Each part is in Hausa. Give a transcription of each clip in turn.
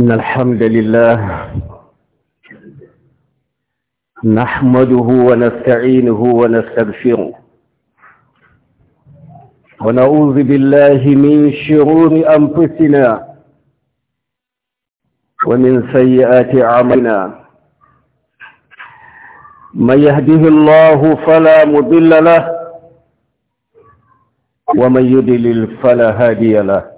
إن الحمد لله نحمده ونستعينه ونستغفره ونعوذ بالله من شرور أنفسنا ومن سيئات أعمالنا من يهده الله فلا مضل له ومن يضلل فلا هادي له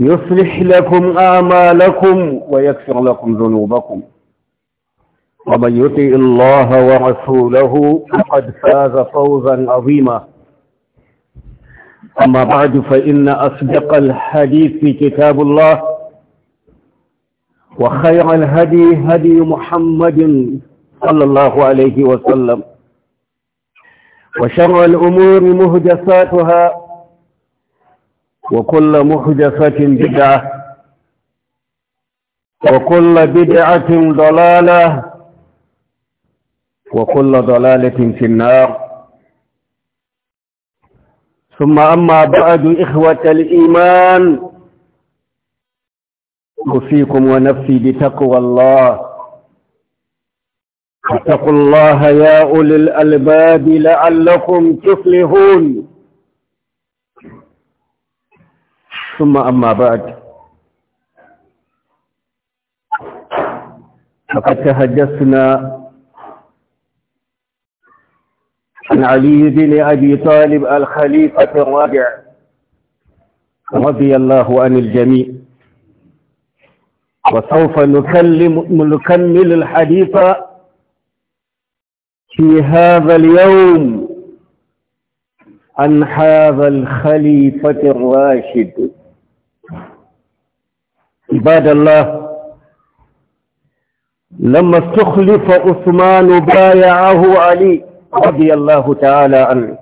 يصلح لكم آمالكم ويكفر لكم ذنوبكم ومن يطيع الله ورسوله فقد فاز فوزا عظيما أما بعد فإن أصدق الحديث في كتاب الله وخير الهدي هدي محمد صلى الله عليه وسلم وشر الأمور مهدساتها وكل محدثة بدعة وكل بدعة ضلالة وكل ضلالة في النار ثم أما بعد إخوة الإيمان أوصيكم ونفسي بتقوى الله اتقوا الله يا أولي الألباب لعلكم تفلحون ثم أما بعد فقد تحدثنا عن علي بن أبي طالب الخليفة الرابع رضي الله عن الجميع وسوف نكلم نكمل الحديث في هذا اليوم عن هذا الخليفة الراشد عباد الله لما استخلف عثمان بايعه علي رضي الله تعالى عنه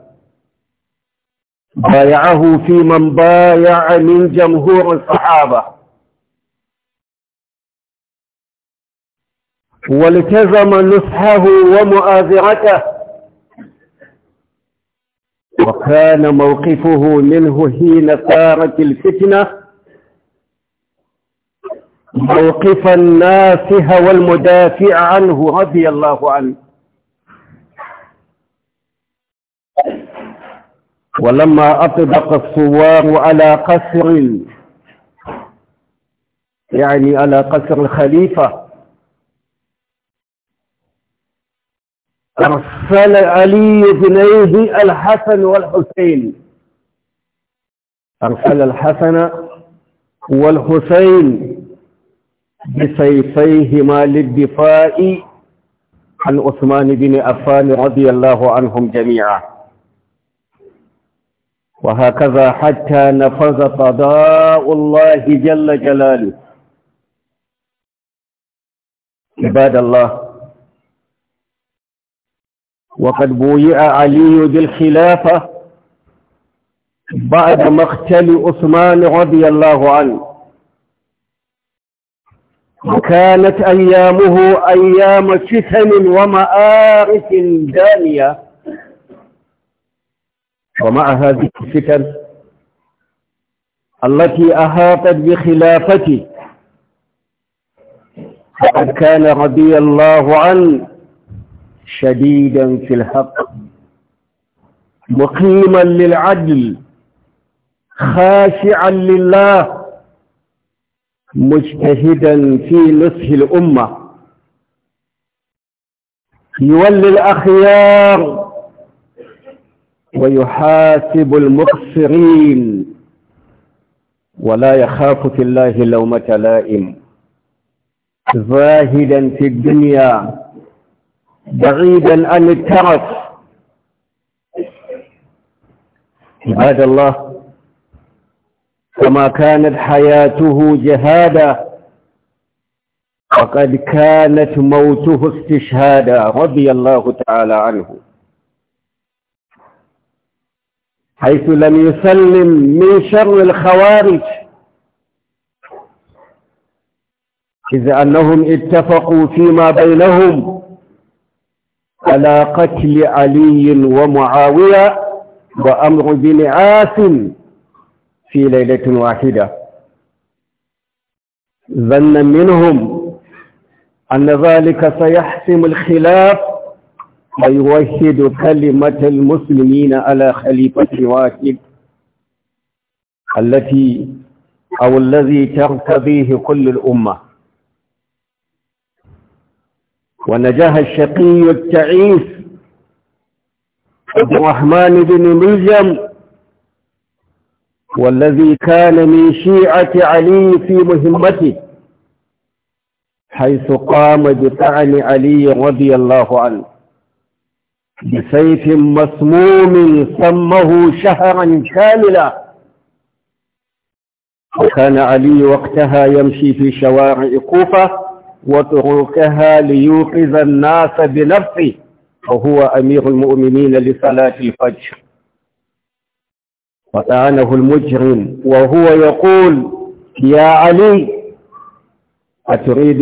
بايعه في من بايع من جمهور الصحابة والتزم نصحه ومؤازرته وكان موقفه منه حين ثارت الفتنه موقف النافه والمدافع عنه رضي الله عنه ولما أطبق الثوار على قصر يعني على قصر الخليفة أرسل علي بنيه الحسن والحسين أرسل الحسن والحسين بسيفيهما للدفاع عن عثمان بن عفان رضي الله عنهم جميعا وهكذا حتى نفذ قضاء الله جل جلاله عباد الله وقد بويع علي بالخلافة بعد مقتل عثمان رضي الله عنه وكانت أيامه أيام فتن ومآرف دانية ومع هذه الفتن التي أحاطت بخلافته فقد كان رضي الله عنه شديدا في الحق مقيما للعدل خاشعا لله مجتهدا في نصح الأمة يولي الأخيار ويحاسب المقصرين ولا يخاف في الله لومة لائم زاهدا في الدنيا بعيدا عن الترف عباد الله كما كانت حياته جهادا وقد كانت موته استشهادا رضي الله تعالى عنه حيث لم يسلم من شر الخوارج إذ أنهم اتفقوا فيما بينهم على قتل علي ومعاوية وأمر بن عاصم في ليلة واحدة ظنا منهم أن ذلك سيحسم الخلاف ويوحد كلمة المسلمين على خليفة واحد التي أو الذي ترتبيه كل الأمة ونجاه الشقي التعيس عبد الرحمن بن ملجم والذي كان من شيعة علي في مهمته حيث قام بطعن علي رضي الله عنه بسيف مسموم سمه شهرا كاملا وكان علي وقتها يمشي في شوارع كوفة وطرقها ليوقظ الناس بنفسه وهو أمير المؤمنين لصلاة الفجر فطعنه المجرم وهو يقول يا علي أتريد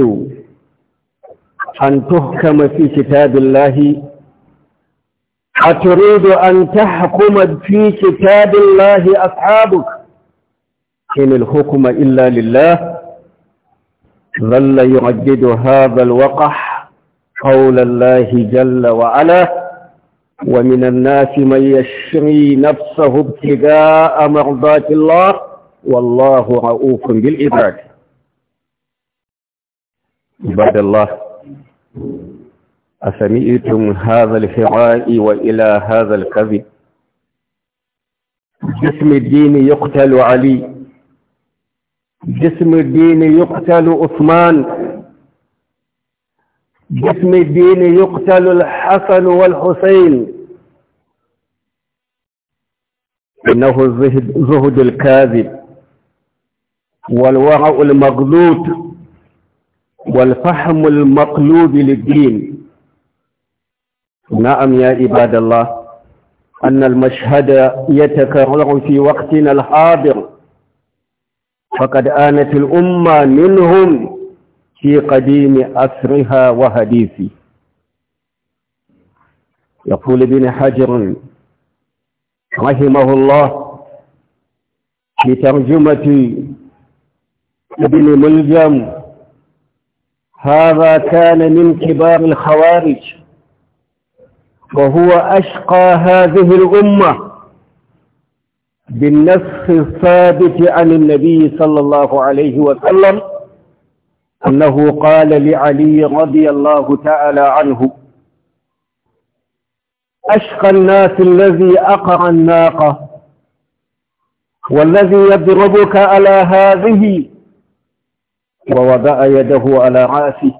أن تحكم في كتاب الله أتريد أن تحكم في كتاب الله أصحابك إن الحكم إلا لله ظل يردد هذا الوقح قول الله جل وعلا ومن الناس من يشري نفسه ابتغاء مرضات الله والله رؤوف بالعباد عباد الله أسمئتم هذا الفراء وإلى هذا الكذب جسم الدين يقتل علي جسم الدين يقتل عثمان باسم الدين يقتل الحسن والحسين إنه الزهد الكاذب والورع المغلوط والفحم المقلوب للدين نعم يا عباد الله أن المشهد يتكرر في وقتنا الحاضر فقد آنت الأمة منهم في قديم أثرها وحديثي يقول ابن حجر رحمه الله في ترجمة ابن ملجم هذا كان من كبار الخوارج وهو أشقى هذه الأمة بالنسخ الثابت عن النبي صلى الله عليه وسلم أنه قال لعلي رضي الله تعالى عنه أشقى الناس الذي أقر الناقة والذي يضربك على هذه ووضع يده على رأسه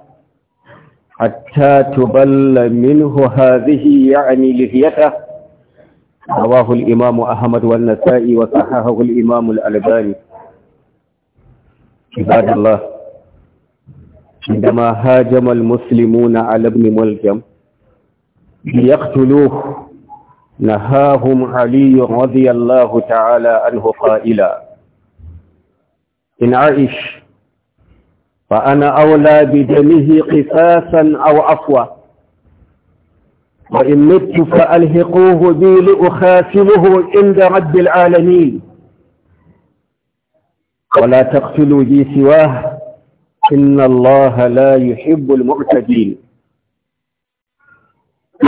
حتى تبل منه هذه يعني لحيته رواه الإمام أحمد والنسائي وصححه الإمام الألباني عباد الله عندما هاجم المسلمون على ابن ملجم ليقتلوه نهاهم علي رضي الله تعالى عنه قائلا إن عائش فأنا أولى بدمه قصاصا أو عفوا وإن مت فألهقوه بي لأخاسمه عند رب العالمين ولا تقتلوا لي سواه إن الله لا يحب المعتدين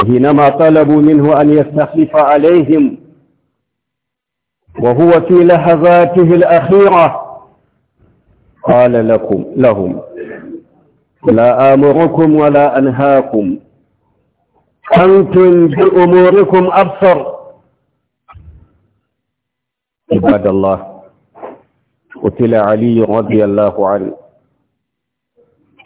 حينما طلبوا منه أن يستخلف عليهم وهو في لحظاته الأخيرة قال لكم لهم لا آمركم ولا أنهاكم أنتم بأموركم أبصر عباد الله قتل علي رضي الله عنه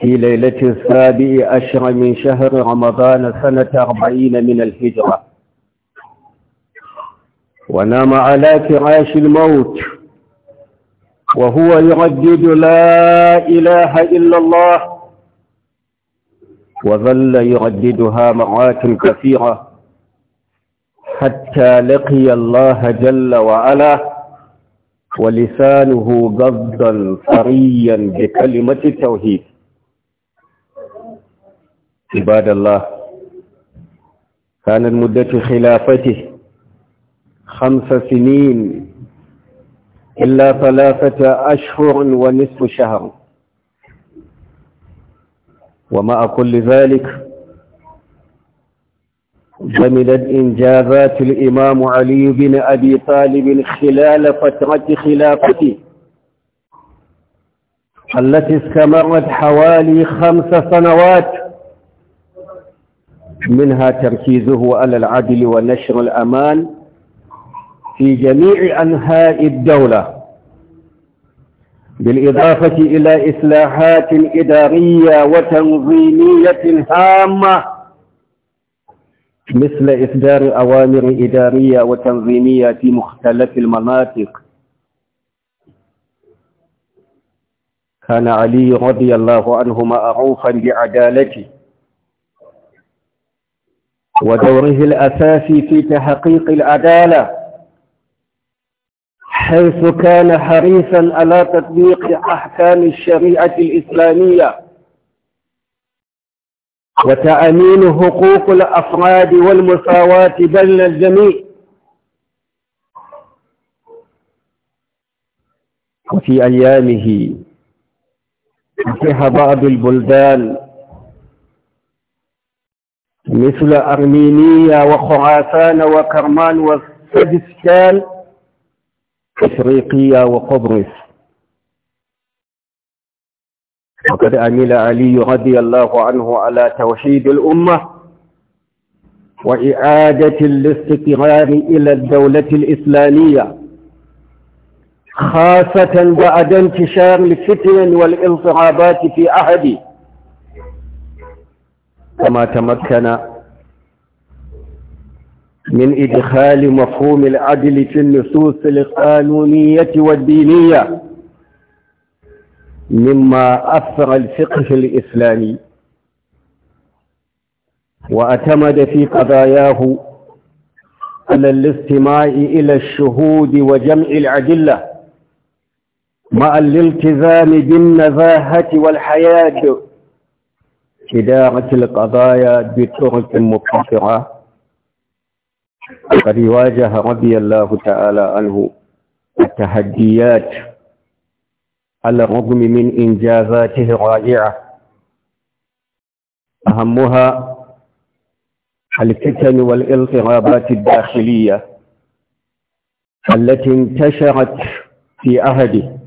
في ليلة السابع عشر من شهر رمضان سنة أربعين من الهجرة ونام على فراش الموت وهو يردد لا إله إلا الله وظل يرددها مرات كثيرة حتى لقي الله جل وعلا ولسانه غضا صريا بكلمة التوحيد عباد الله كانت مدة خلافته خمس سنين إلا ثلاثة أشهر ونصف شهر ومع كل ذلك جملت إنجازات الإمام علي بن أبي طالب خلال فترة خلافته التي استمرت حوالي خمس سنوات منها تركيزه على العدل ونشر الأمان في جميع أنحاء الدولة بالإضافة إلى إصلاحات إدارية وتنظيمية هامة مثل إصدار أوامر إدارية وتنظيمية في مختلف المناطق كان علي رضي الله عنه معروفا بعدالته ودوره الأساسي في تحقيق العدالة حيث كان حريصا على تطبيق أحكام الشريعة الإسلامية وتأمين حقوق الأفراد والمساواة بين الجميع وفي أيامه فتح بعض البلدان مثل أرمينيا وخراسان وكرمان وسجستان إفريقيا وقبرص وقد عمل علي رضي الله عنه على توحيد الأمة وإعادة الاستقرار إلى الدولة الإسلامية خاصة بعد انتشار الفتن والاضطرابات في أهده كما تمكن من إدخال مفهوم العدل في النصوص القانونية والدينية مما أثر الفقه الإسلامي وأتمد في قضاياه على الاستماع إلى الشهود وجمع العدلة مع الالتزام بالنزاهة والحياة إدارة القضايا بطرق مبتكرة قد واجه رضي الله تعالى عنه التحديات على الرغم من إنجازاته الرائعة أهمها الفتن والاضطرابات الداخلية التي انتشرت في عهده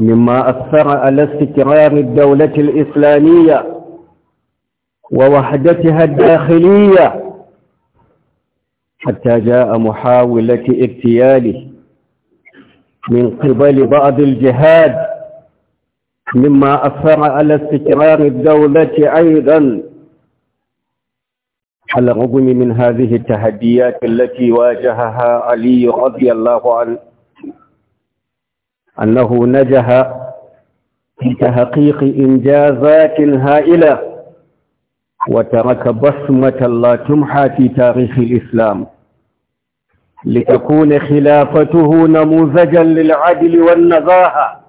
مما أثر على استقرار الدولة الإسلامية ووحدتها الداخلية حتى جاء محاولة اغتياله من قبل بعض الجهاد مما أثر على استقرار الدولة أيضا على الرغم من هذه التحديات التي واجهها علي رضي الله عنه أنه نجح في تحقيق إنجازات هائلة وترك بصمة لا تمحى في تاريخ الإسلام لتكون خلافته نموذجا للعدل والنزاهة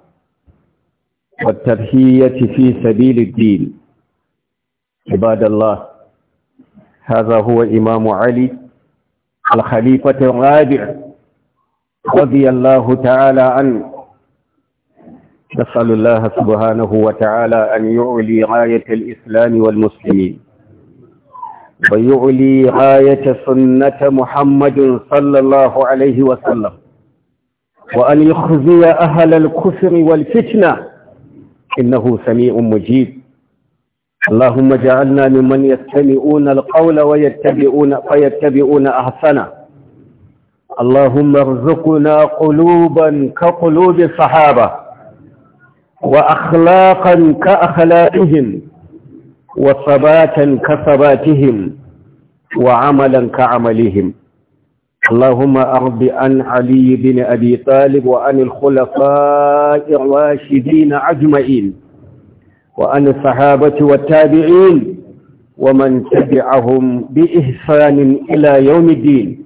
والتضحية في سبيل الدين عباد الله هذا هو إمام علي الخليفة الرابع رضي الله تعالى عنه نسأل الله سبحانه وتعالى أن يعلي غاية الإسلام والمسلمين ويعلي غاية سنة محمد صلى الله عليه وسلم وأن يخزي أهل الكفر والفتنة إنه سميع مجيب اللهم اجعلنا ممن يستمعون القول ويتبعون فيتبعون أحسنه اللهم ارزقنا قلوبا كقلوب الصحابه وأخلاقا كأخلاقهم وصباتا كصباتهم وعملا كعملهم اللهم أرض عن علي بن أبي طالب وعن الخلفاء الراشدين أجمعين وعن الصحابة والتابعين ومن تبعهم بإحسان إلى يوم الدين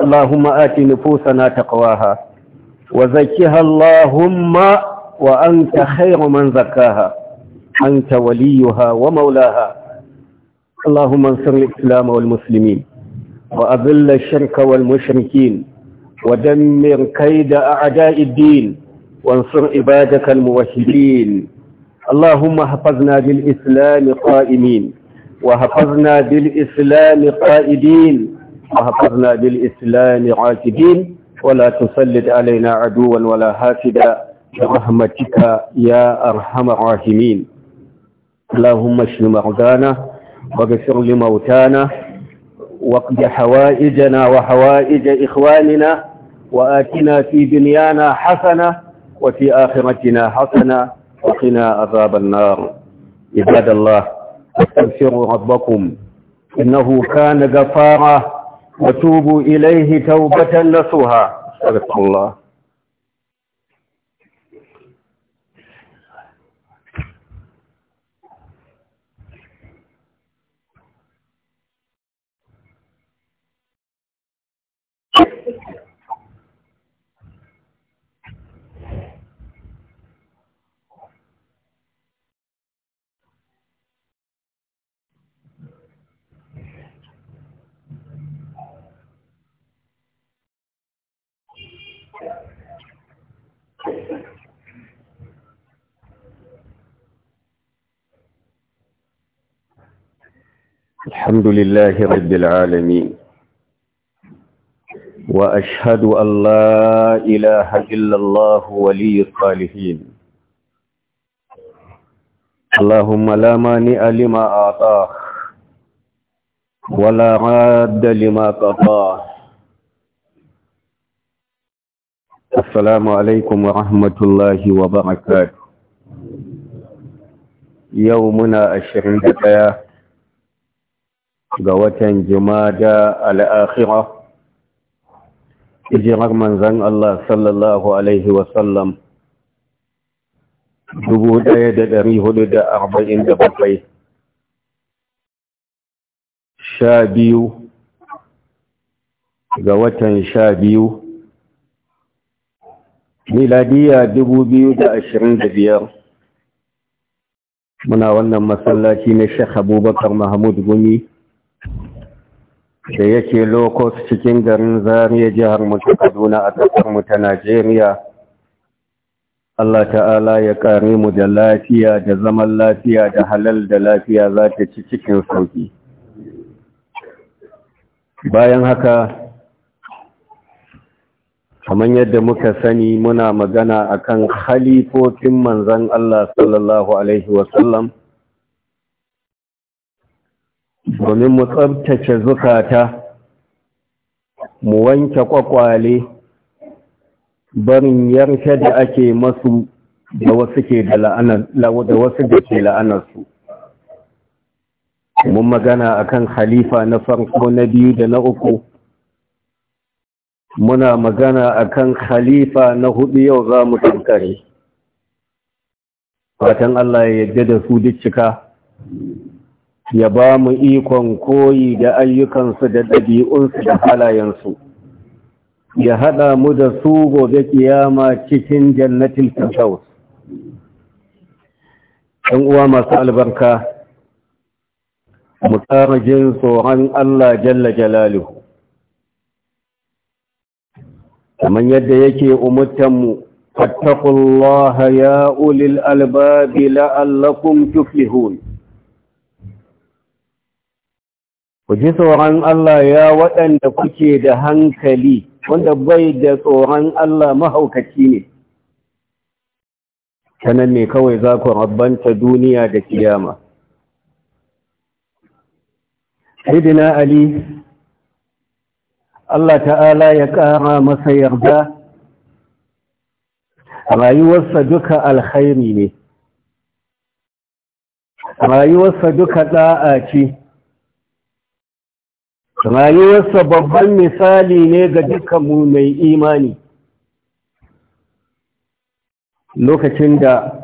اللهم آت نفوسنا تقواها وزكها اللهم وأنت خير من زكاها أنت وليها ومولاها اللهم انصر الإسلام والمسلمين وأذل الشرك والمشركين ودمر كيد أعداء الدين وانصر عبادك الموحدين اللهم احفظنا بالإسلام قائمين وحفظنا بالإسلام قائدين وحفظنا بالإسلام عاتدين ولا تسلط علينا عدوا ولا هافدا برحمتك يا أرحم الراحمين اللهم اشف مرضانا واغفر لموتانا واقض حوائجنا وحوائج إخواننا وآتنا في دنيانا حسنة وفي آخرتنا حسنة وقنا عذاب النار عباد الله استغفروا ربكم إنه كان غفارا وتوبوا إليه توبة نصوها استغفر الله الحمد لله رب العالمين وأشهد أن لا إله إلا الله ولي الصالحين اللهم لا مانع لما أعطاه ولا راد لما قضاه السلام عليكم ورحمة الله وبركاته يومنا الشرين دقيا قوة جمادة الآخرة إجرار من زن الله صلى الله عليه وسلم دبودة يدري هدد أربعين دقيا شابيو قوة شابيو miladiya da biyar. muna wannan masallaci na Sheikh Abubakar Mahmud Gumi da yake lokos cikin garin Zariya jihar Mutu Kaduna a ƙasarmu ta Najeriya Allah ta'ala ya ƙare mu da lafiya da zaman lafiya da halal da lafiya za ta ci cikin sauki bayan haka kamar yadda muka sani muna magana akan halifofin manzan Allah sallallahu Alaihi wasallam domin mu tsabtace zukata mu wanke kwakwale barin yarshe da ake masu da wasu ke da wasu da ke la'anarsu mun magana akan Khalifa na farko na biyu da na uku muna magana akan khalifa na hudu yau za mu tankare fatan Allah ya yarda da su cika ya ba mu ikon koyi da ayyukansu da ɗabi'unsu da halayensu ya haɗa mu da su gobe kiyama cikin jannatin firdaus ɗan uwa masu albarka mu tsara jin tsoron Allah jalla jalaluhu kamar yadda yake umurtanmu fattakullaha ya ulil albabi la'allakum tuflihun ku ji tsoron Allah ya waɗanda kuke da hankali wanda bai da tsoron Allah mahaukaci ne sanan ne kawai za ku rabbanta duniya da kiyama Hidina Ali Allah ta'ala ya ƙara masa yarda rayuwarsa duka alkhairi ne rayuwarsa duka ɗa'a ce rayuwarsa babban misali ne ga mu mai imani lokacin da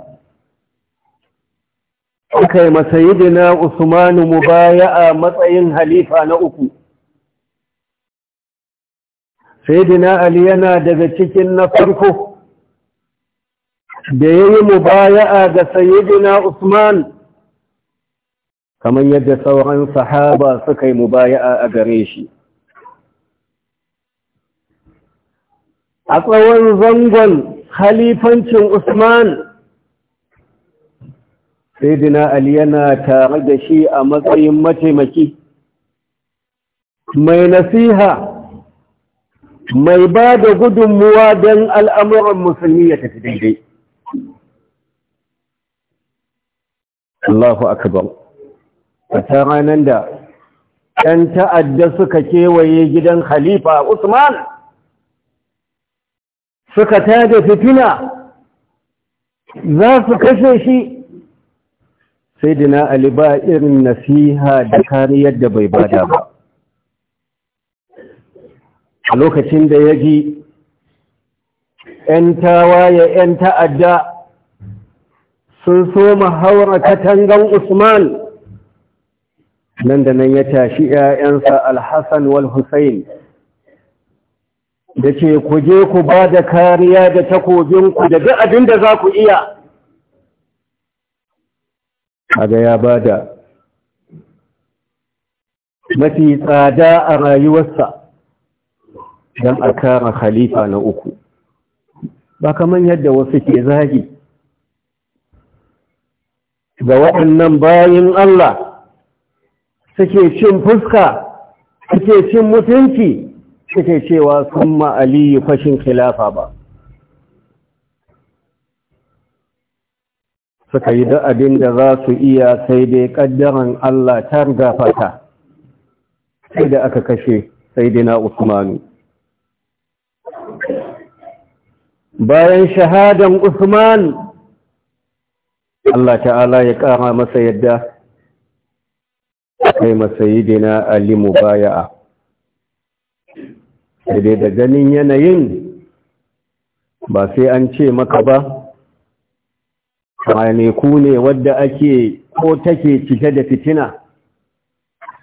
aka yi na usmanu mu baya a matsayin halifa na uku Saidina ali yana daga cikin na farko da yayi mubaya'a ga sayyidina usman kamar yadda sauran sahaba suka yi mubaya'a a gare shi a tsawon zangon halifancin usman Saidina ali yana tare da shi a matsayin mataimaki mai nasiha mai ba da gudunmuwa don al'amuran musulmi ya tafi daidai Allahu akabar, a ta ranar da ‘yan ta'adda suka kewaye gidan Khalifa Usman suka da fitina za su kashe shi sai dina Ali ba irin nasiha da kariyar da bai bada ba. a lokacin da ya ji 'yan tawaye 'yan ta'adda sun so haura katangan usman nan da nan ya tashi 'ya'yansa alhassan wal hussain da ce ku je ku ba da kariya da takobinku da duk abin da za ku iya kaga ya ba da mafi tsada a rayuwarsa don a kara khalifa na uku ba kamar yadda wasu ke zagi ga waɗannan bayan Allah suke cin fuska suke cin mutunci suke cewa sun ma ma'aliyu fashin khilafa ba suka yi da abin da za su iya sai dai ƙaddaran Allah ta gafata sai da aka kashe sai Usmanu. bayan shahadan Usman Allah ta'ala ya kara masa yadda kai masayidina Ali mubaya'a sai da ganin yanayin ba sai an ce maka ba ku ne wadda ake ko take cike da fitina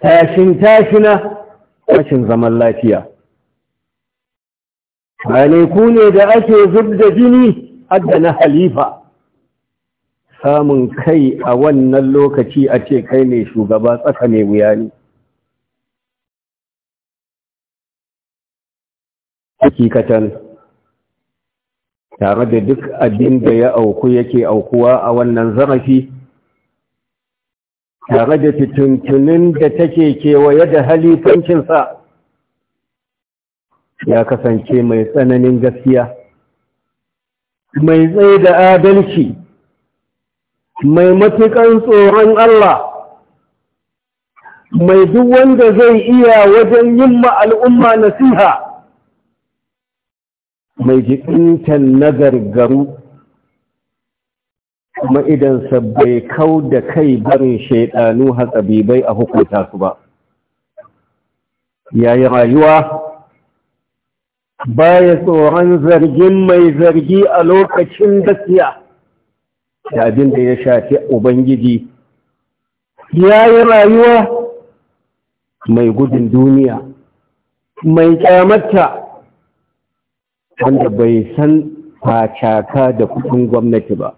tashin tashina rashin zaman lafiya Waneku ne da ake zub da jini hadda na halifa samun kai a wannan lokaci a ce kai ne shugaba tsaka ne wuya ne hakikatan tare da duk abin da ya auku yake aukuwa a wannan zarafi tare da fituntunin da take kewaye da halifancinsa ya kasance mai tsananin gaskiya mai tsaye da adalci mai matuƙan tsoron Allah mai duk wanda zai iya wajen yin al'umma nasiha mai jikintan na gargaru kuma idansa bai kau da kai barin shaidanu hatsabibai a hukunta su ba yayi rayuwa baya tsoron zargin mai zargi a lokacin gaskiya da abin da ya shafi ubangiji ya yi rayuwa mai gudun duniya mai kyamata wanda bai san facaka da kudin gwamnati ba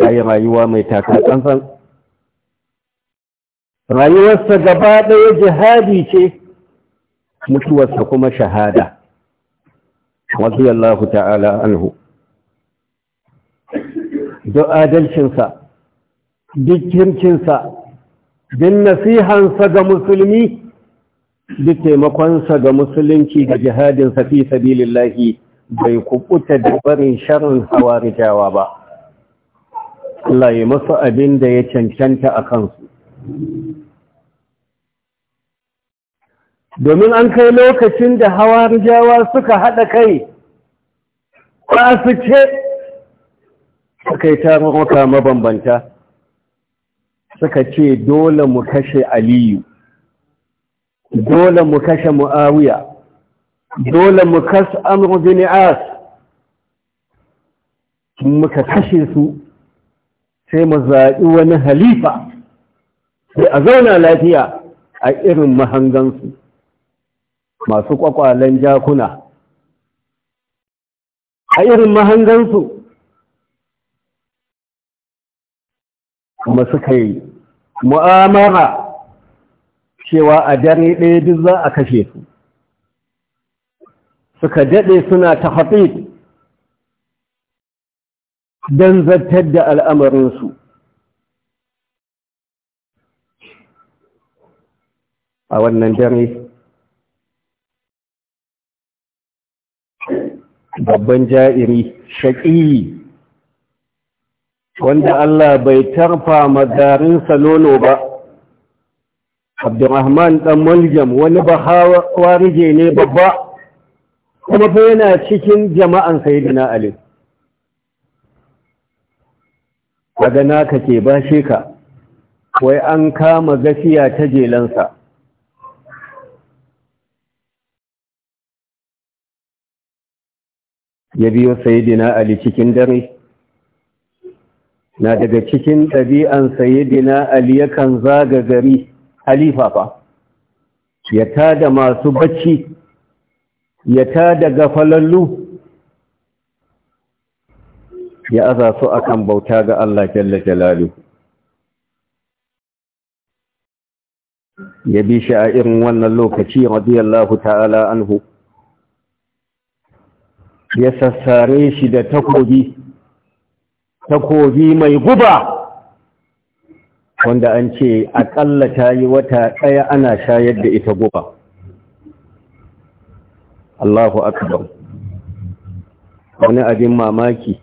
ya yi rayuwa mai takatsantsan rayuwarsa gaba ɗaya jihadi ce mutuwarsa kuma shahada radiyallahu ta'ala anhu duk adalcinsa duk din duk nasihansa ga musulmi duk taimakonsa ga musulunci da jihadinsa fi sabilillahi bai kubuta da barin sharin rijawa ba Allah yi masu abin da ya cancanta a kansu domin an kai lokacin da hawa rijawa suka haɗa kai ba su ce suka yi taruka mabambanta suka ce dole mu kashe aliyu dole mu kashe mu'awiya dole mu kashe amur bin as muka kashe su sai mu zaɓi wani halifa sai a zauna lafiya a irin mahangansu masu kwakwalen jakuna a irin mahangansu kuma suka yi mu'amara cewa a dare ɗaya duk za a kashe su suka daɗe suna ta haɗe don zartar da al'amarinsu a wannan dare babban ja'iri shaƙi wanda Allah bai tarfa madarinsa salolo ba abdurrahman ɗan muljam wani warije ne babba kuma fa yana cikin jama'an sayidina ali daga naka ke bashe ka wai an kama gafiya ta jelansa ya biyo sayidina ali cikin dare na daga cikin ɗabi'an sayidina ali yakan zaga gari halifa fa ya tada masu bacci ya tada gafalallu ya aza su akan bauta ga Allah jalla jalalu ya bi shi a irin wannan lokaci radiyallahu ta'ala anhu ya sassare shi da takobi takobi mai guba wanda an ce aƙalla ta yi wata ɗaya ana shayar da ita guba Allahu akbar wani abin mamaki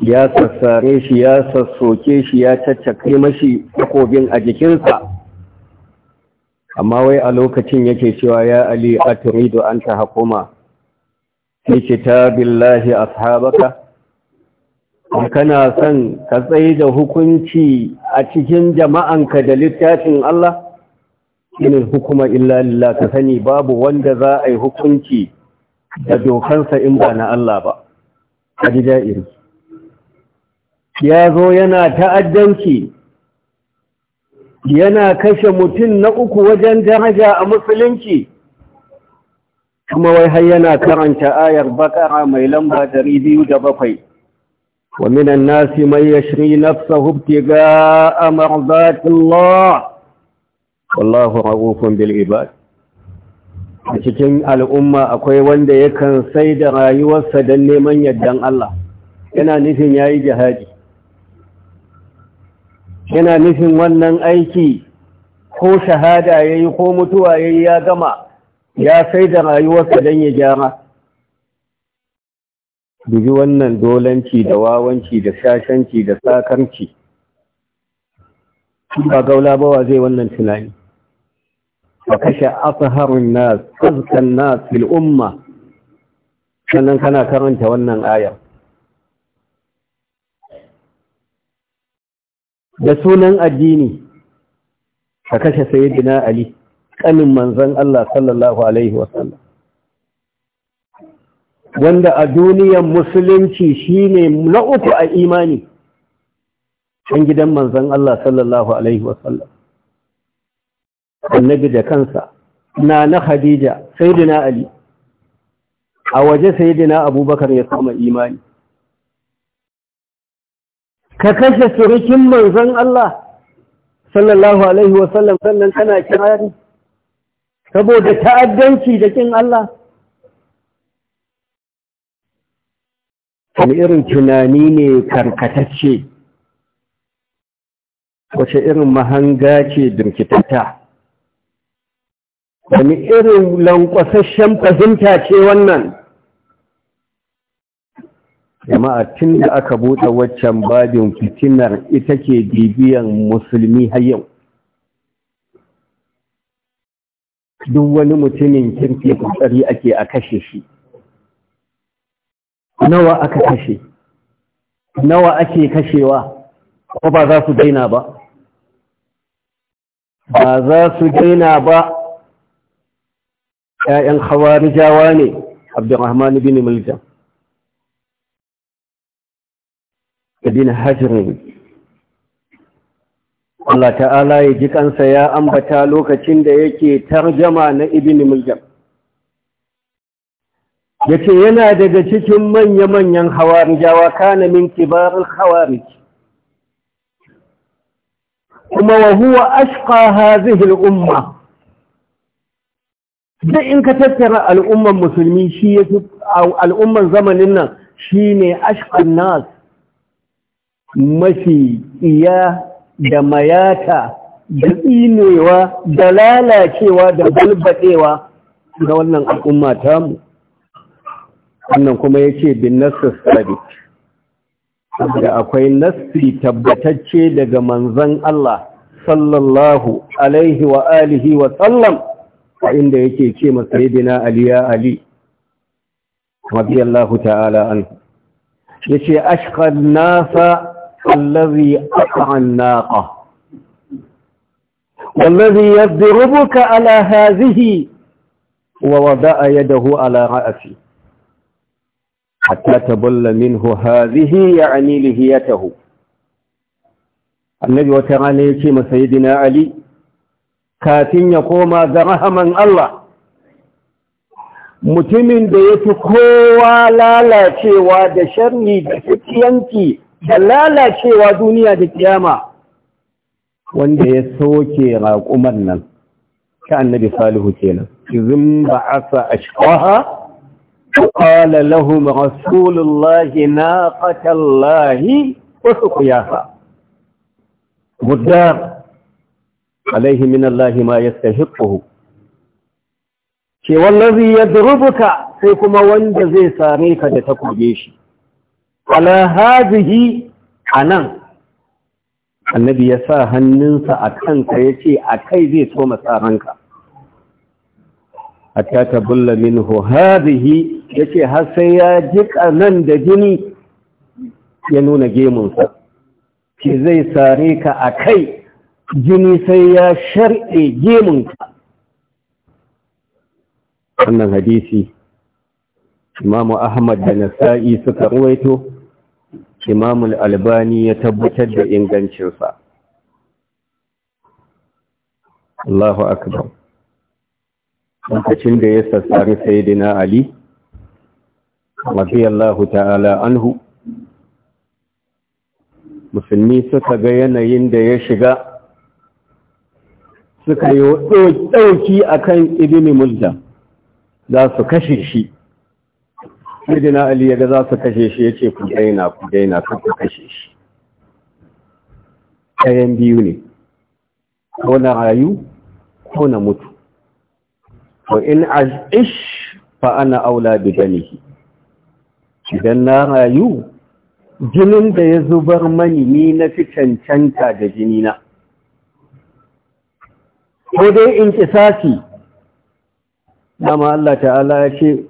ya sassare shi ya sassoke shi ya caccakai mashi takobin a jikinsa amma wai a lokacin yake cewa ya ali aturidu an ta hakuma fi kitabillahi ashabaka kana son ka tsaye da hukunci a cikin jama'anka da littafin Allah in hukuma illa lillah ka sani babu wanda za a yi hukunci da dokansa in ba na Allah ba ya zo yana ta'addanci yana kashe mutum na uku wajen daraja a musulunci kuma wai har yana karanta ayar bakara mai lamba 207 wa minan nasi mai yashri ga ibtigaa mardatillah wallahu ra'ufun bil a cikin al'umma akwai wanda yakan sai da rayuwarsa don neman yardan Allah yana nufin ya yi jihadi yana nufin wannan aiki ko shahada ya yi ko mutuwa ya yi, ya gama ya sai da rayuwarsa don ya gyara dubi wannan dolanci da wawanci da shashanci da sakarci ba gaula ba zai wannan tunani a kashe asaharun na azkan na fil umma sannan kana karanta wannan ayar da sunan addini ka kashe sayyidina ali kanin manzon Allah sallallahu alaihi wasallam wanda a duniyar musulunci shi na uku a imani ɗan gidan manzon Allah sallallahu alaihi wasallam annabi da kansa na na Khadija sayyidina Ali a waje sayyidina Abubakar ya kama imani ka kashe surukin manzon Allah sallallahu alaihi wasallam sannan kana ne? saboda ta'addanci da kin Allah wani irin tunani ne karkatacce wace irin mahanga ce dinkitata, wani irin lankwasashen fahimta ce wannan jama'a tun da aka buɗe waccan babin fitinar ita ke bibiyan musulmi har yau duk wani mutumin kirki kokari ake a kashe shi nawa aka kashe nawa ake kashewa ko ba za su daina ba ba za su daina ba ‘ya'yan jawa ne abdurrahman bin Miljan. ibn hajjirin Allah ta'ala ya ji kansa ya ambata lokacin da yake tarjama na ibn muljam yace yana daga cikin manya-manyan hawarijawa kana min kibarul hawarij kuma wa huwa ashqa hadhihi al-umma duk in ka tattara al'umman musulmi shi yafi al'umman zamanin nan shine ashqan nas mafi iya da mayata da tsinewa da lalacewa da balbadewa ga wannan al'umma tamu wannan kuma ya ce bin nassar da akwai nassi tabbatacce daga manzan Allah sallallahu alaihi wa alihi wa sallam a inda yake ce masayidina Ali ya Ali radiyallahu ta'ala anhu yace ashqan nasa الذي أقع الناقة والذي يضربك على هذه ووضع يده على رأسي حتى تبل منه هذه يعني لهيته annabi wata rana ya ce masa yadina ali kafin ya koma ga rahaman Allah mutumin da ya fi kowa lalacewa da sharri da fitiyanki da lalacewa duniya da kiyama wanda ya soke raƙuman nan ka annabi salihu kenan izin ba a sa a shikwaha ƙwala lahum rasulullahi na ƙatallahi wasu kuyasa guddar alaihi minallahi ma ya stahiƙuhu ce wallazi ya durubuka sai kuma wanda zai sare ka da takobe shi ala hazihi anan annabi ya sa hannunsa a kanka ya ce a kai zai so tsaranka. a ta bulla minhu hazihi ya ce har sai ya jika nan da jini ya nuna gemunsa ke zai sare ka a kai jini sai ya sharɗe gemunka wannan hadisi imamu ahmad da nasa'i suka ruwaito imamul albani ya tabbatar da ingancinsa Allahu akbar lokacin da ya sassari sayyidina ali radiyallahu ta'ala anhu musulmi suka ga yanayin da ya shiga suka yi ɗauki akan ibn mulda za su kashe shi Sayyidina Ali ya ga za su kashe shi yace ku daina ku daina ku kashe shi. Kayan biyu ne. Ko na rayu ko na mutu. Wa in azish fa ana aula bi danihi. Idan na rayu jinin da ya zubar mani ni na fi cancanta da jinina. Ko dai in kisasi, dama Allah ta'ala ya ce,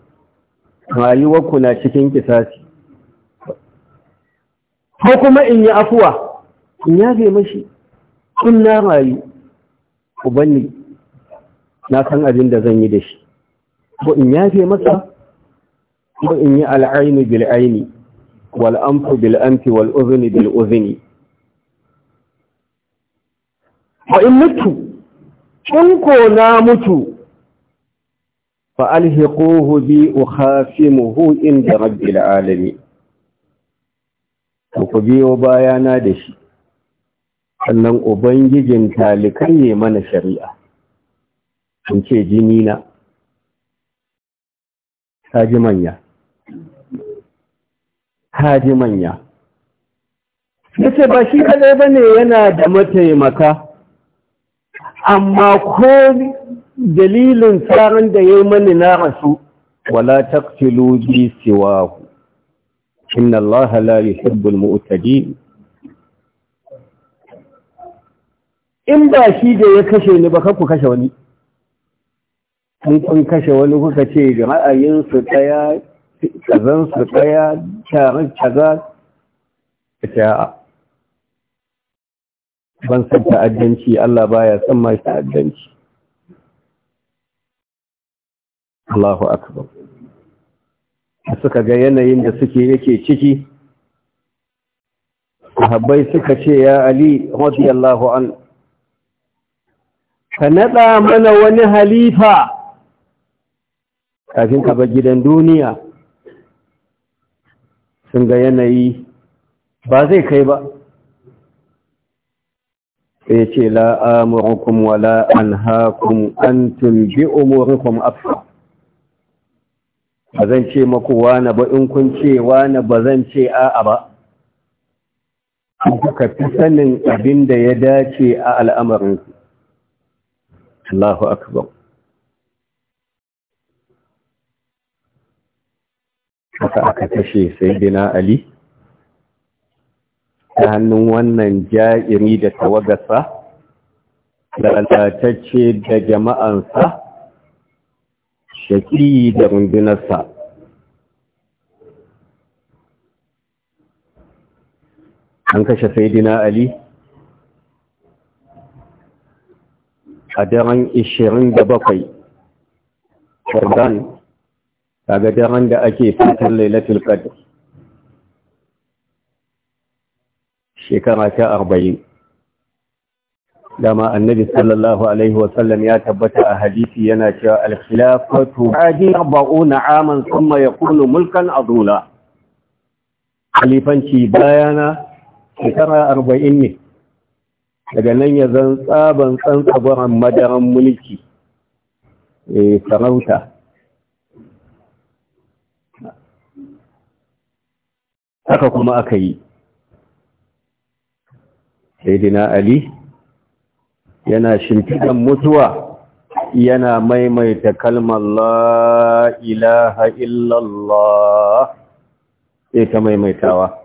rayuwarku na cikin kisasi ko kuma in yi afuwa in yafe mashi in na rayu ubanni na san abin da zan yi da shi ko in yafe masa ko in yi al'aini bil'aini wal'amfu bil'amfi wal'uzini bil'uzini ko in mutu in ko na mutu فألهقوه بي أخافمه عند رب العالمين ku biyo bayana da shi sannan ubangijin talikai ne mana shari'a in ce jini na haji manya haji manya ya ce ba shi kadai ba ne yana da mataimaka amma komi dalilin tsarin da ya yi mani na rasu wala taqtilu bi siwahu inna Allah la yuhibbul mu'tadin in ba shi da ya kashe ni ba ka ku kashe wani in kun kashe wani kuka ce ra'ayinsu ɗaya kazansu ɗaya tarin kaza ta ban san ta'addanci Allah baya san mai ta'addanci Allahu akbar suka ga yanayin da suke yake ciki sahabbai suka ce ya Ali radiyallahu an ka nada mana wani halifa kafin ka bar gidan duniya sun ga yanayi ba zai kai ba sai ce la'amurukum wa la'anhakum, anhaakum antum bi afsa ba zan ce maku wane ba in kun ce wane ba zan ce a'a ba kuka fi sanin abin da ya dace a al'amarinku Allahu akbar haka aka kashe dina Ali ta hannun wannan ja'iri da tawagarsa da alatacce da jama'ansa shaƙi da rundunarsa an kashe saidina ali a daren 27 ƙardan daga daren da ake fitar lailatul qadr shekara ta arba'in. dama annabi sallallahu alaihi sallam, ya tabbata a hadisi yana cewa al-khilafatu hadi 40 aman thumma yakunu mulkan adula khalifanci bayana shekara 40 ne daga nan ya zan tsaban tsantsabaran madaran mulki eh sarauta haka kuma aka yi sayyidina ali yana shimfidan mutuwa yana maimaita kalmar la ilaha illallah sai ta maimaitawa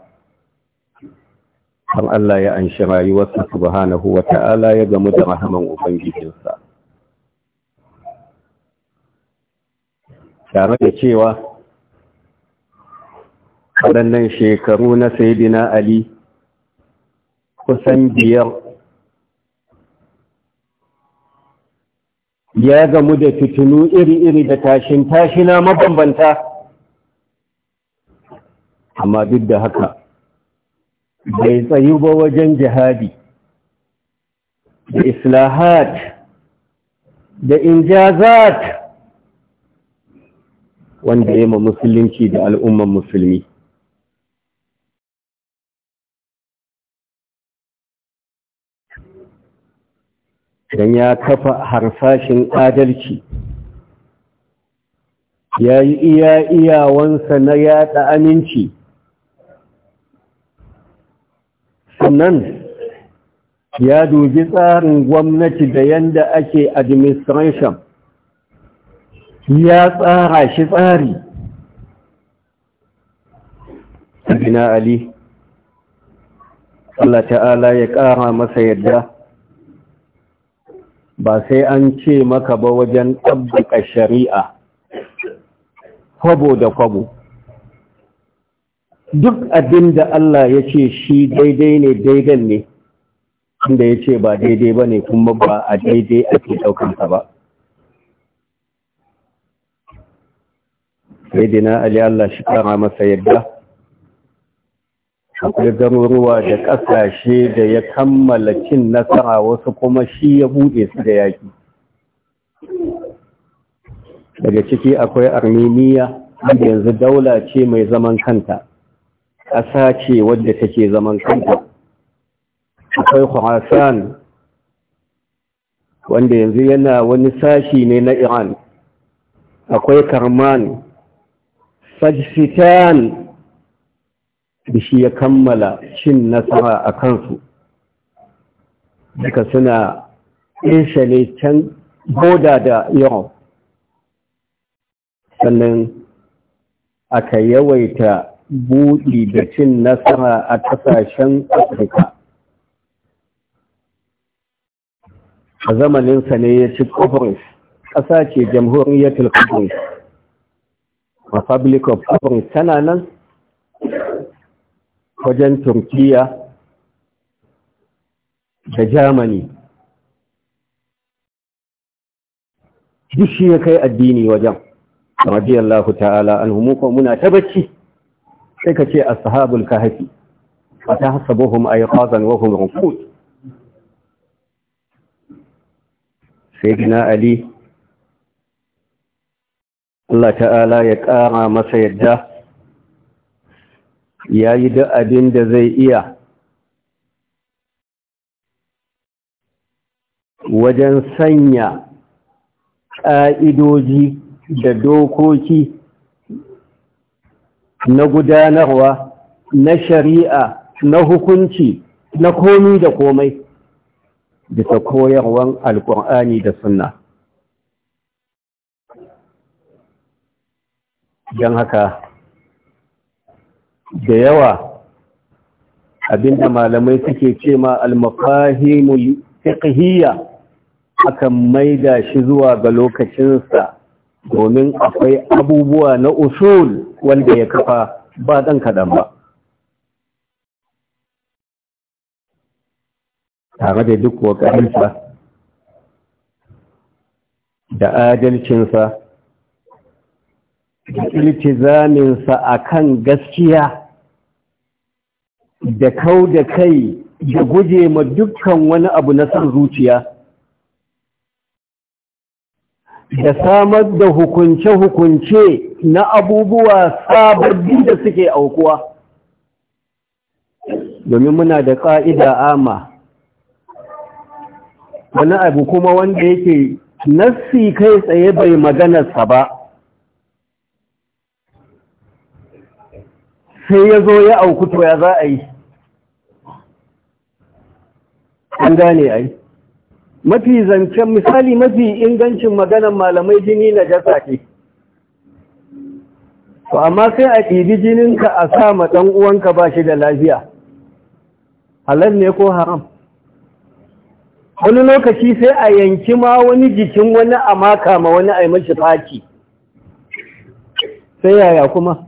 har Allah ya anshi rayuwarsa subhanahu wa ta'ala ya gamu da rahaman ubangijinsa tare da cewa waɗannan shekaru na sayidina ali kusan biyar ya gamu da fitinu iri-iri da tashin tashina mabambanta amma duk da haka bai tsayu ba wajen jihadi da islahat da injazat wanda ya ma musulunci da al'umman musulmi Idan ya kafa harsashin adalci ya yi iya iyawansa na yada aminci sannan ya dubi tsarin gwamnati da yadda ake administration ya tsara shi tsari abina ali Allah ta'ala ya ƙara masa yadda ba sai an ce maka ba wajen tabbaka shari'a kwabo da kwabo duk abin da Allah ya ce shi daidai ne daidan ne inda ya ce ba daidai ba ne kuma ba a daidai ake daukansa ba sai dina ali Allah shi kara masa yadda akwai garuruwa da ƙasashe da ya kammala cin nasara wasu kuma shi ya buɗe su da yaƙi daga ciki akwai armeniya yanzu daula ce mai zaman kanta ƙasa ce wadda take zaman kanta akwai khurasan wanda yanzu yana wani sashi ne na iran akwai karman fajsitan da shi ya kammala cin nasara a kansu duka suna ishale can boda da europe sannan aka yawaita buɗi da cin nasara a ƙasashen afirka a zamaninsa ne ya ci kofris ƙasa ce jamhuriyar tulkofris republic of kofris tana nan wajen turkiya da germany duk shi ya kai addini wajen radiyallahu ta'ala an muna ta bacci sai ka ce ashabul kahfi fata hasabuhum ayqazan wa hum ruqud sayyidina ali Allah ta'ala ya ƙara masa yadda ya yi duk abin da zai iya wajen sanya ƙa'idoji da dokoki na gudanarwa na shari'a na hukunci na komi da komai bisa koyarwan alƙur'ani da sunna don haka da yawa abinda malamai suke ce ma al-mafahimul fiqhiyya akan maida shi zuwa ga lokacinsa domin akwai abubuwa na usul wanda ya kafa ba ɗan kaɗan ba tare da duk ƙoƙarinsa da adalcinsa da iltizaminsa a kan gaskiya da kau da kai da guje ma dukkan wani abu na san zuciya da samar da hukunce-hukunce na abubuwa sababbi da suke aukuwa domin muna da ƙa'ida ama wani abu kuma wanda yake nassi kai tsaye bai maganarsa ba sai ya zo ya auku to ya za a yi an gane a yi mafi zancen misali mafi ingancin maganan malamai jini na jasa ce to amma sai a ɗibi jininka a sa ma ɗan uwanka ba shi da lafiya halar ne ko haram wani lokaci sai a yanki ma wani jikin wani a maka ma wani a yi mashi faki. sai yaya kuma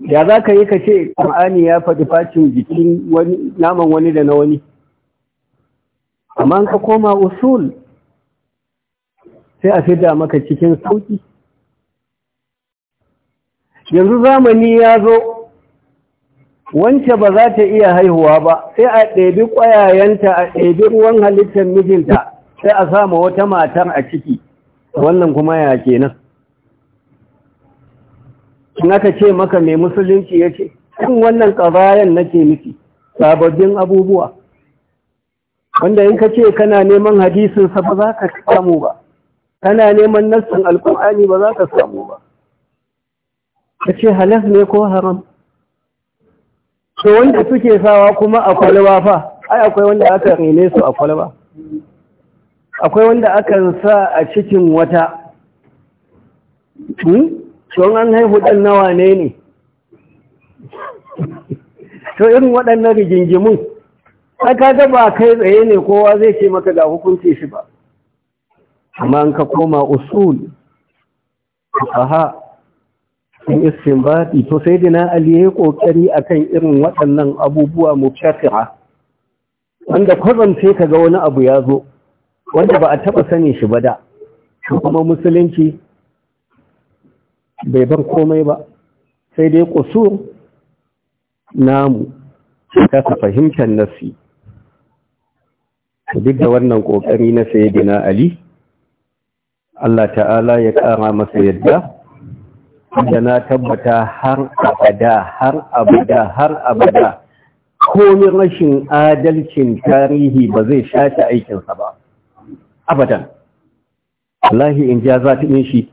ya za ka yi ka ce ƙur'ani ya faɗi facin jikin naman wani da na wani amma ka koma usul sai a fida maka cikin sauƙi yanzu zamani ya zo wance ba za ta iya haihuwa ba sai a ɗebi ƙwayayenta a ɗebi ruwan halittar mijinta sai a sama wata matar a ciki wannan kuma ya kenan naka aka ce maka mai musulunci ya ce "Kun wannan ƙabayan nake miki sababbin abubuwa wanda in ka ce kana neman hadisinsa ba za ka samu ba kana neman nassan alkur'ani ba za ka samu ba ka ce halas ne ko haram to wanda suke sawa kuma a kwalba fa ai akwai wanda aka rene su a kwalba akwai wanda aka sa a cikin wata hmm? Don an haihu ɗan nawa ne ne to irin waɗannan rigingimun aka ga ba kai tsaye ne kowa zai ce maka ga hukunci shi ba amma an ka koma usul faha in iskin baɗi to sai dina ali ya ƙoƙari a kan irin waɗannan abubuwa mubshafi'a wanda kwazon sai ka ga wani abu ya zo wanda ba a taɓa sani shi ba da kuma musulunci bai bar komai ba sai dai kusur namu Ta ta fahimtar nasi duk da wannan ƙoƙari na sayyidina ali Allah ta'ala ya ƙara masa yadda da na tabbata har abada har abada har abada komin rashin adalcin tarihi ba zai shafi aikinsa ba abadan Allah in ja za ta shi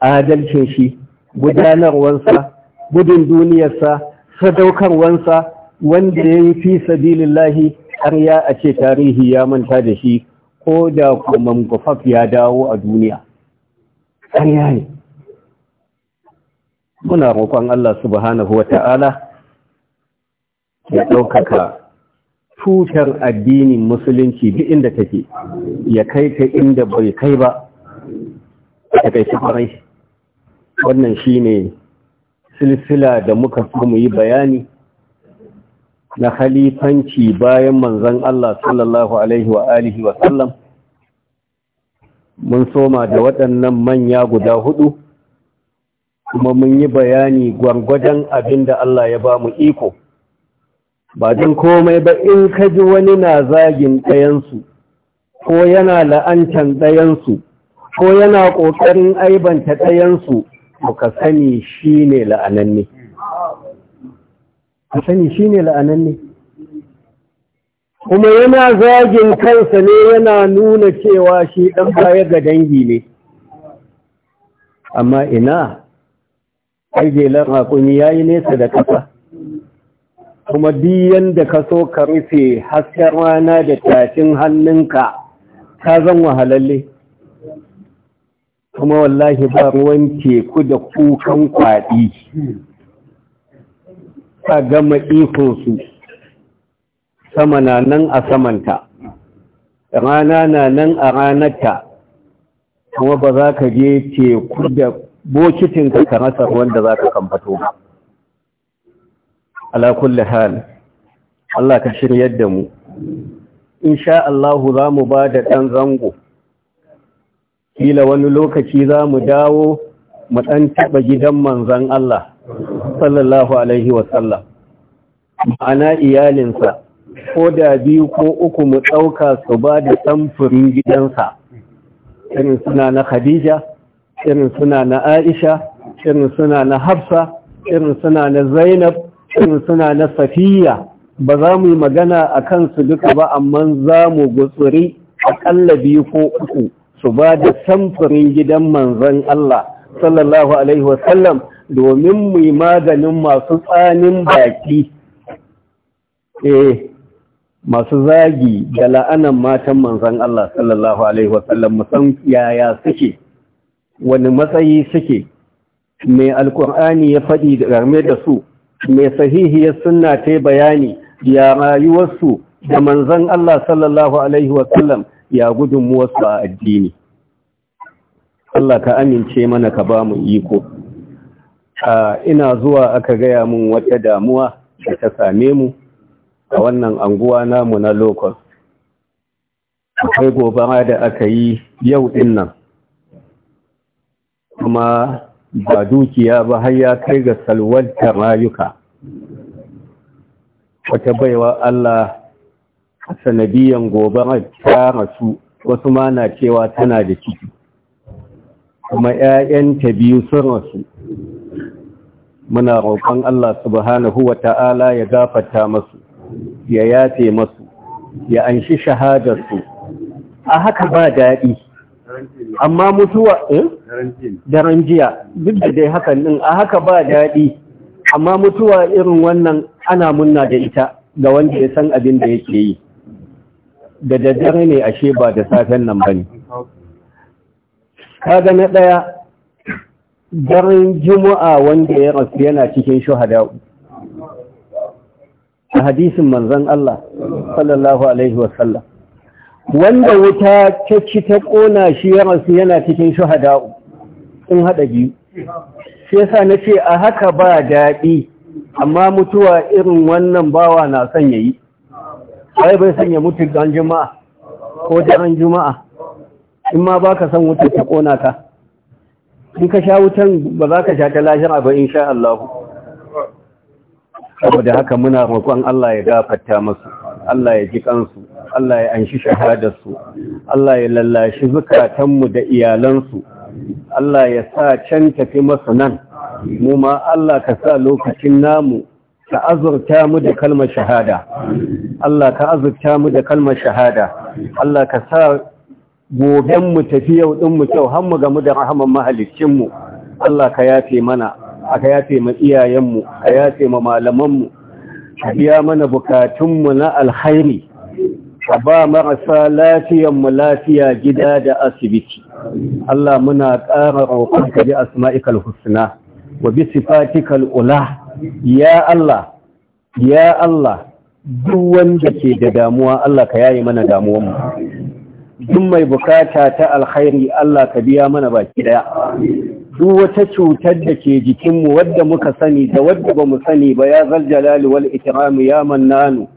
adalcin shi gudanarwansa gudun duniyarsa sadaukarwansa wanda ya yi fi sabilillahi har ya a ce tarihi ya manta da shi ko da kuma gufaf ya dawo a duniya ƙarya ne muna roƙon Allah subhanahu wa ta'ala ya ɗaukaka tutar addinin musulunci duk inda take ya kai ta inda bai kai ba kai shi ƙwarai wannan shine silsila da muka so mu yi bayani na halifanci bayan manzon Allah sallallahu alaihi wa alihi mun soma da waɗannan manya guda hudu kuma mun yi bayani gwangwajen abin da Allah ya ba mu iko ba don komai ba in ka ji wani na zagin ɗayansu ko yana la'ancan ɗayansu ko yana ƙoƙarin aibanta ɗayansu Muka sani shi ne la'ananne ka sani shi ne la'ananne kuma yana zagin kansa ne yana nuna cewa shi ɗan baya ga dangi ne amma ina aijelar hakuni ya yi nesa da kasa, kuma biyan da ka so ka rufe hasken rana da tashin hannunka ka zan wahalalle kuma wallahi ba ruwan teku da kukan kwaɗi a gama ikonsu sama na nan a samanta rana na nan a ranarta kuma ba za ka je teku da bokitin ka rasa wanda za ka kamfato ba ala hal Allah ka shirya da mu insha Allah za mu ba da ɗan zango kila wani lokaci za mu dawo mu ɗan taɓa gidan manzan Allah sallallahu Alaihi wasallam ma'ana iyalinsa ko da biyu ko uku mu ɗauka su ba da samfurin gidansa irin suna na Khadija irin suna na Aisha irin suna na Hafsa irin suna na Zainab irin suna na Safiya ba za mu yi magana a kansu duka ba amma za mu gutsuri aƙalla biyu ko uku su ba da samfurin gidan manzon Allah sallallahu alaihi wasallam domin mu maganin masu tsanin baki eh masu zagi da la'anan matan manzon Allah sallallahu alaihi wasallam musan yaya suke wani matsayi suke mai alkur'ani ya faɗi da game da su mai sahihiyar suna ta bayani ya rayuwarsu da manzon Allah sallallahu alaihi wasallam ya wasu a addini Allah ka amince mana ka ba mu A ina zuwa aka gaya mun wata damuwa da ta same mu a wannan anguwa namu na lokal akwai gobara da aka yi yau din nan kuma ba dukiya ba har ya kai ga salwantar rayuka wata baiwa Allah sanadiyan gobara ta rasu wasu ma na cewa tana da ciki kuma 'ya'yanta biyu sun rasu muna roƙon Allah subhanahu wa ta'ala ya gafata masu ya yafe masu ya anshi shahadarsu a haka ba daɗi amma mutuwa eh? daren jiya duk da dai hakan ɗin a haka ba daɗi amma mutuwa irin wannan ana munna da ita ga wanda ya san abin da yake yi da daddare ne ashe ba da safen nan ba ne kaga na ɗaya daren juma'a wanda ya rasu yana cikin shuhada a hadisin manzan Allah sallallahu alaihi wasallam wanda wuta ta ci ta ƙona shi ya rasu yana cikin shuhada in haɗa biyu shi yasa na ce a haka ba daɗi amma mutuwa irin wannan bawa na son yayi ai bai sanya mutu dan juma'a ko dan juma'a in ma baka san wuta ta kona ka in ka sha wutan ba za ka sha ta lashira ba insha Allah saboda haka muna roƙon Allah ya gafarta musu Allah ya ji kansu Allah ya anshi shahadarsu Allah ya lallashi zukatanmu da iyalansu Allah ya sa can tafi masu nan mu ma Allah ka sa lokacin namu ka azurta mu da kalmar shahada Allah ka azurta mu da kalmar shahada Allah ka sa goben mu tafiyau din mu kyau har mu mu da rahaman mahallicin mu Allah ka yafe mana aka yafe ma iyayen mu ka yafe ma malaman mu ka biya mana bukatun mu na alkhairi ka ba marasa lafiyan mu lafiya gida da asibiti Allah muna ƙara roƙon ka bi asma'ikal husna wa bi sifatikal ula ya Allah ya Allah duk wanda ke da damuwa Allah ka yaye mana damuwan mu duk mai bukata ta alkhairi Allah ka biya mana baki daya duk wata cutar da ke jikin mu wadda muka sani da wadda bamu sani ba ya zal jalali wal ikram ya mannanu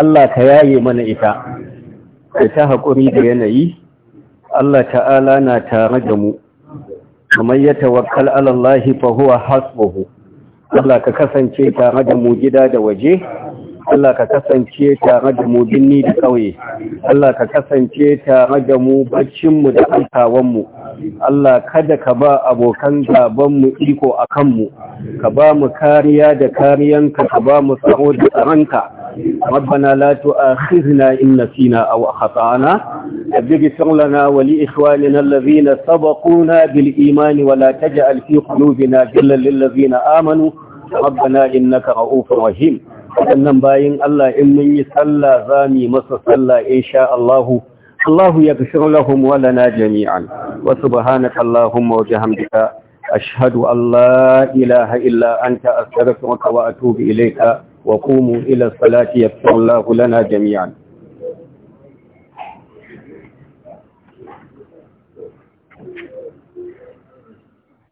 Allah ka yaye mana ita ka ta hakuri da yanayi Allah ta'ala na tare da mu kamar ya tawakkal ala Allah fa huwa hasbuhu Allah ka kasance tare da mu gida da waje Allah ka kasance tare da mu binni da ƙauye Allah ka kasance tare da mu mu da mu Allah kada ka ba abokan mu iko a kanmu ka ba mu kariya da kariyanka ka ba mu tsaro da tsaronka ربنا لا تؤاخذنا إن نسينا أو أخطأنا اغفر لنا ولإخواننا الذين سبقونا بالإيمان ولا تجعل في قلوبنا جلا للذين آمنوا ربنا إنك رؤوف رحيم waɗannan bayan Allah in mun yi sallah za mu masa sallah insha Allahu Allah ya gashir lahum wa lana jami'an wa subhanaka Allahumma wa bihamdika ashhadu an la ilaha illa anta astaghfiruka wa atubu ilayka وقوموا إلى الصلاة يغفر الله لنا جميعا